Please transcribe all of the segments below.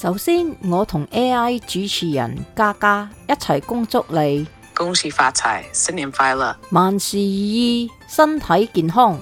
首先，我同 A.I. 主持人嘉嘉一齊恭祝你，恭喜發財，新年快樂，萬事如意，身體健康。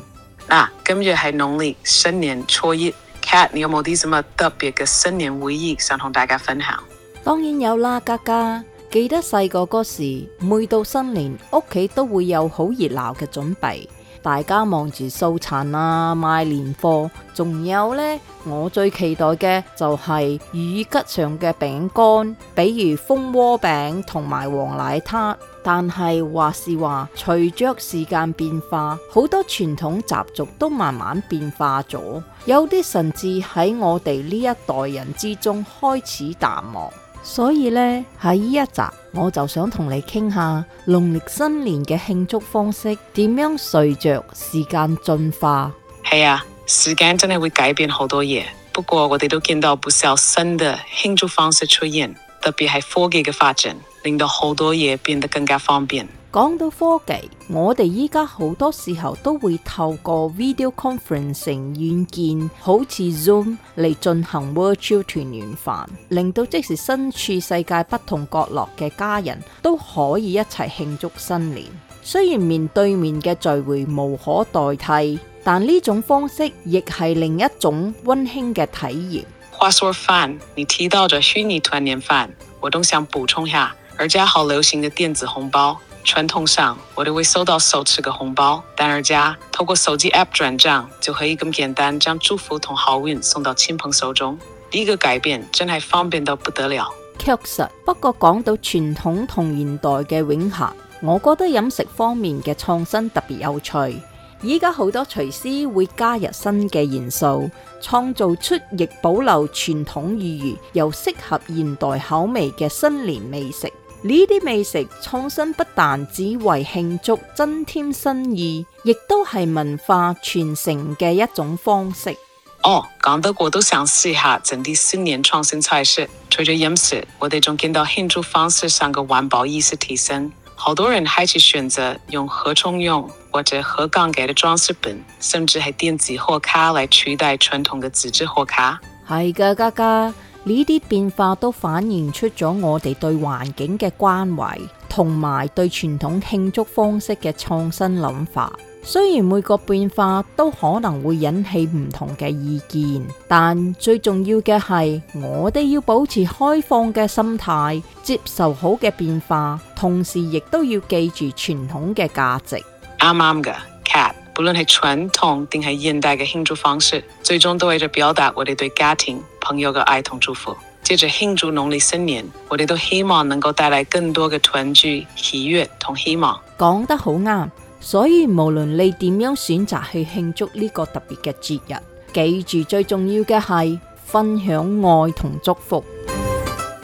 嗱、啊，今日係農曆新年初一，Kat 你有冇啲什麼特別嘅新年回憶想同大家分享？當然有啦，嘉嘉記得細個嗰時，每到新年，屋企都會有好熱鬧嘅準備。大家忙住掃塵啊，買年貨，仲有呢，我最期待嘅就係雨吉上嘅餅乾，比如蜂窩餅同埋黃奶撻。但係話是話，隨着時間變化，好多傳統習俗都慢慢變化咗，有啲甚至喺我哋呢一代人之中開始淡忘。 所以呢，喺呢一集我就想同你傾下農曆新年嘅慶祝方式點樣隨着時間進化。係啊、 哎，時間真係會改變好多嘢。不過我哋都見到不少新嘅慶祝方式出現。特別係科技嘅發展，令到好多嘢變得更加方便。講到科技，我哋依家，好多時候都會透過 video conferencing 軟件，好似 Zoom 嚟進行 virtual 團圓飯，令到即使身處世界不同角落嘅家人都可以一齊慶祝新年。雖然面對面嘅聚會無可代替，但呢種方式亦係另一種溫馨嘅體驗。話說返，你提到咗虛擬團年飯，我都想補充下，而家好流行的電子紅包。傳統上，我都會收到手持嘅紅包，但而家透過手機 app 轉賬就可以咁簡單將祝福同好運送到親朋手中。呢個改變真係方便到不得了。確實，不過講到傳統同現代嘅融合，我覺得飲食方面嘅創新特別有趣。而家好多廚師會加入新嘅元素，創造出亦保留傳統寓意又適合現代口味嘅新年美食。呢啲美食創新不但只為慶祝增添新意，亦都係文化傳承嘅一種方式。哦，講得我都想試下整啲新年創新菜式。除咗飲食，我哋仲見到慶祝方式上嘅環保意識提升，好多人開始選擇用可重用，或者可降解嘅裝飾品，甚至係電子賀卡嚟取代傳統嘅紙質賀卡，係噶，嘉嘉，呢啲變化都反映出咗我哋對環境嘅關懷，同埋對傳統慶祝方式嘅創新諗法。雖然每個變化都可能會引起唔同嘅意見，但最重要嘅係我哋要保持開放嘅心態，接受好嘅變化，同時亦都要記住傳統嘅價值。啱啱嘅 Kat，不論係傳統定係現代嘅慶祝方式，最終都係為咗表達我哋對家庭、朋友嘅愛同祝福。借着慶祝農曆新年，我哋都希望能夠帶來更多嘅團聚、喜悅同希望。講得好啱，所以無論你點樣選擇去慶祝呢個特別嘅節日，記住最重要嘅係分享愛同祝福。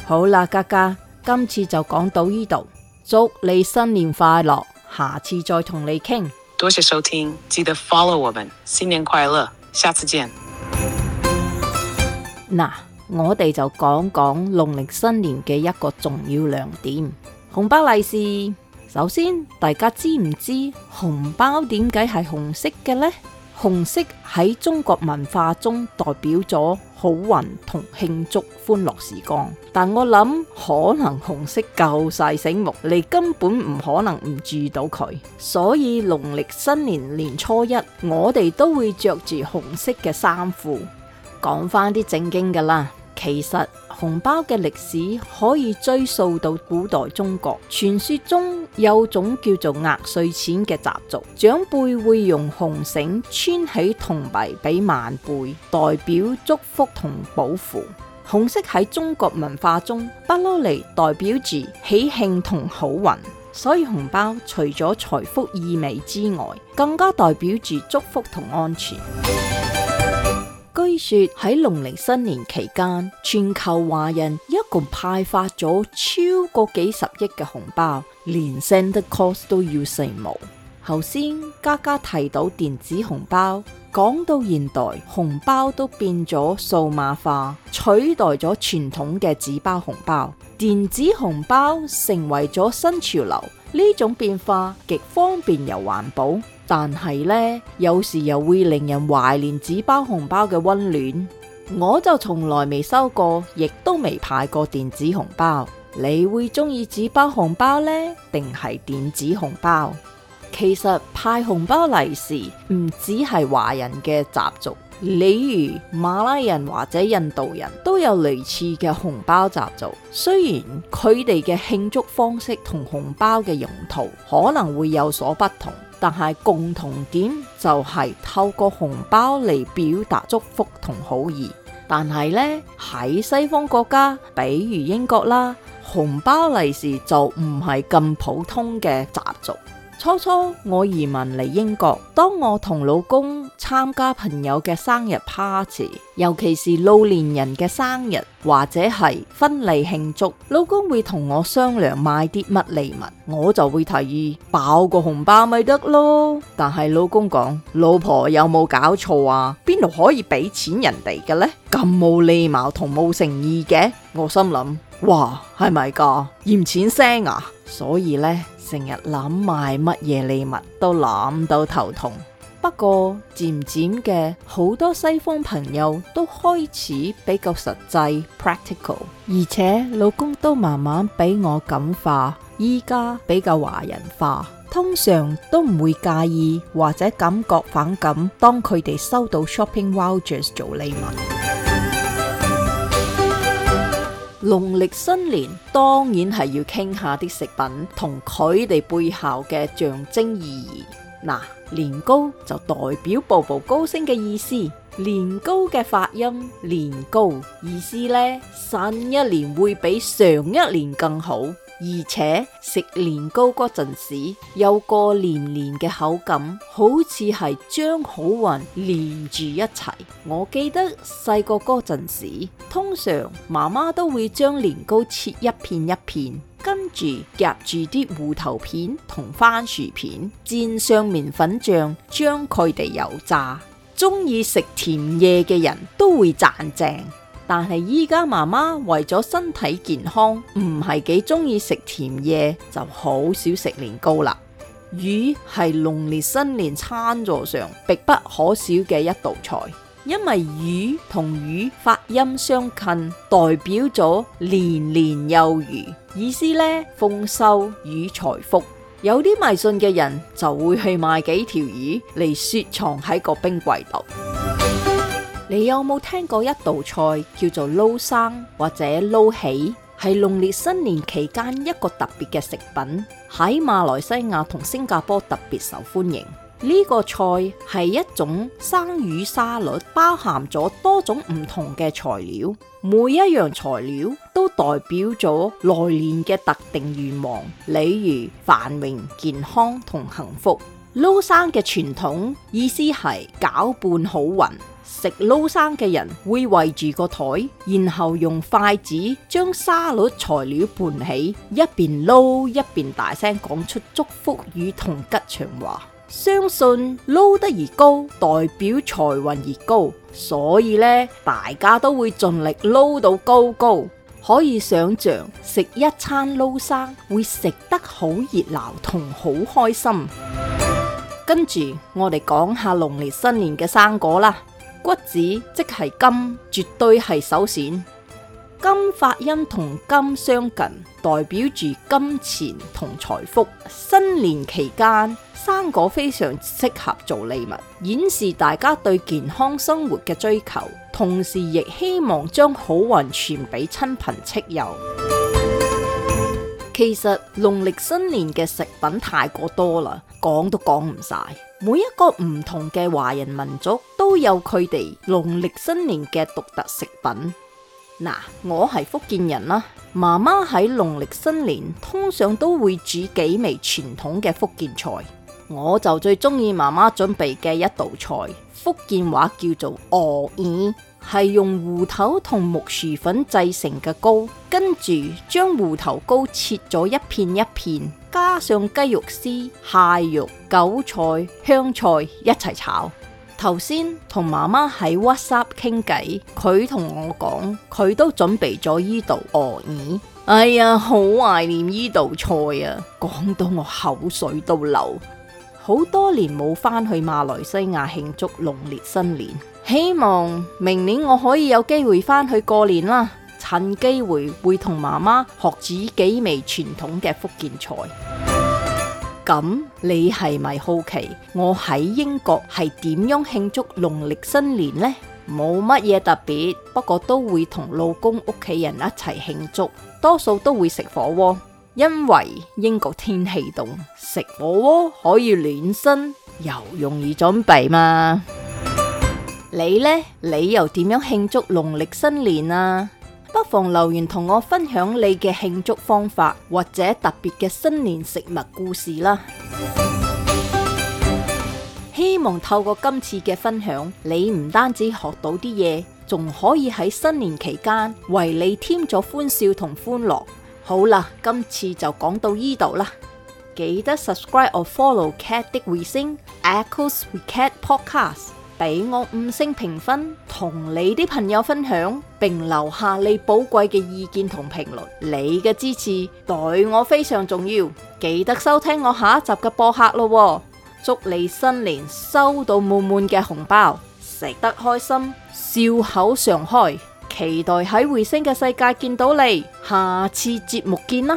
好啦，嘉嘉今次就講到呢度，祝你新年快樂！下次再同你傾。多謝收聽，記得 follow 我們。新年快樂，下次見。嗱，我哋就講講農曆新年嘅一個重要亮點——紅包利是。首先，大家知唔知紅包點解係紅色嘅呢？紅色喺中國文化中代表咗好運同慶祝歡樂時光，但我諗可能紅色夠晒醒目，你根本唔可能唔注意到佢。所以農曆新年年初一，我哋都會着住紅色嘅衫褲。講翻啲正經噶啦，其實。紅包嘅歷史可以追溯到古代中國，傳說中有種叫做壓歲錢嘅習俗，長輩會用紅繩穿起銅幣俾晚輩，代表祝福同保護。紅色喺中國文化中不嬲嚟，代表住喜慶同好運，所以紅包除咗財富意味之外，更加代表住祝福同安全。說喺農曆新年期間，全球華人一共派發咗超過幾十億嘅紅包，連 send 嘅 cost 都要成毛。頭先嘉嘉提到電子紅包，講到現代紅包都變咗數碼化，取代咗傳統嘅紙包紅包，電子紅包成為咗新潮流。呢種變化極方便又環保，但係呢，有時又會令人懷念紙包紅包嘅溫暖。我就從來未收過，亦都未派過電子紅包。你會中意紙包紅包呢？定係電子紅包？其實派紅包利是唔只係華人嘅習俗。例如馬拉人或者印度人都有類似嘅紅包習俗，雖然佢哋嘅慶祝方式同紅包嘅用途可能會有所不同，但係共同點就係透過紅包嚟表達祝福同好意。但係呢，喺西方國家，比如英國啦，紅包利是就唔係咁普通嘅習俗。初初我移民嚟英國，當我同老公參加朋友嘅生日 party，尤其是老年人嘅生日或者係婚禮慶祝，老公會同我商量買啲乜禮物，我就會提議包個紅包咪得咯。但係老公講，老婆有冇搞錯啊？邊度可以畀錢人哋嘅呢？咁冇禮貌同冇誠意嘅，我心諗，哇，係咪噶嫌錢聲啊？所以呢。成日諗埋乜嘢禮物，都諗到頭痛。不過漸漸嘅，好多西方朋友都開始比較實際 practical，而且老公都慢慢俾我感化，依家比較華人化，通常都唔會介意或者感覺反感，當佢哋收到 shopping vouchers 做禮物。農曆新年當然係要傾下啲食品同佢哋背後嘅象徵意義。嗱，年糕就代表步步高升嘅意思。年糕嘅發音年糕，意思呢，新一年會比上一年更好。而且食年糕嗰陣時，有個黏黏嘅口感，好似係將好運連住一齊。我記得細個嗰陣時，通常媽媽都會將年糕切一片一片，跟住夾住啲芋頭片同番薯片，沾上麵粉醬，將佢哋油炸。中意食甜嘢嘅人都會讚正。但係依家媽媽為咗身體健康，唔係幾中意食甜嘢，就好少食年糕啦。魚係農曆新年餐桌上必不可少嘅一道菜，因為魚同魚發音相近，代表咗年年有餘，意思呢，「豐收與財福」，有啲迷信嘅人就會去買幾條魚嚟雪藏喺個冰櫃度。你有冇聽過一道菜叫做撈生或者撈起？係農曆新年期間一個特別嘅食品，喺馬來西亞同新加坡特別受歡迎。呢個菜係一種生魚沙律，包含咗多種唔同嘅材料，每一樣材料都代表咗來年嘅特定願望，例如繁榮、健康同幸福。撈生嘅傳統意思係攪拌好運，食撈生嘅人會圍住個台，然後用筷子將沙律材料拌起，一邊撈一邊大聲講出祝福語同吉祥話。相信撈得越高，代表財運越高，所以呢，大家都會盡力撈到高高。可以想象食一餐撈生會食得好熱鬧同好開心。跟住我哋講下農曆新年嘅生果啦，骨子即係金，絕對係首選。金發音同金相近，代表住金錢同財福。新年期間，生果非常適合做禮物，顯示大家對健康生活嘅追求，同時亦希望將好運傳俾親朋戚友。其實農曆新年嘅食品太過多啦，講都講唔晒。每一個唔同嘅華人民族都有佢哋農曆新年嘅獨特食品。嗱，我係福建人啦，媽媽喺農曆新年通常都會煮幾味傳統嘅福建菜，我就最中意媽媽準備嘅一道菜，福建話叫做鵝耳。係用芋頭同木薯粉製成嘅糕，跟住將芋頭糕切咗一片一片，加上雞肉絲、蟹肉、韭菜、香菜一齊炒。頭先同媽媽喺 WhatsApp 傾偈，佢同我講佢都準備咗呢道餡耳。哎呀，好懷念呢道菜啊！講到我口水都流。好多年冇翻去馬來西亞慶祝農曆新年。希望明年我可以有機會翻去過年啦，趁機會會同媽媽學煮幾味傳統嘅福建菜。咁、嗯、你係咪好奇我喺英國係點樣慶祝農曆新年呢？冇乜嘢特別，不過都會同老公屋企人一齊慶祝，多數都會食火鍋，因為英國天氣凍，食火鍋可以暖身，又容易準備嘛。你呢？你又點樣慶祝農曆新年啊？不妨留言同我分享你嘅慶祝方法，或者特別嘅新年食物故事啦。 希望透過今次嘅分享，你唔單止學到啲嘢，仲可以喺新年期間為你添咗歡笑同歡樂。好啦，今次就講到依度啦。記得 subscribe 或 follow《Kat 的迴聲 Echoes with Kat Podcast》。俾我五星評分，同你啲朋友分享，並留下你寶貴嘅意見同評論。你嘅支持對我非常重要，記得收聽我下一集嘅播客咯。祝你新年收到滿滿嘅紅包，食得開心，笑口常開。期待喺迴聲嘅世界見到你，下次節目見啦！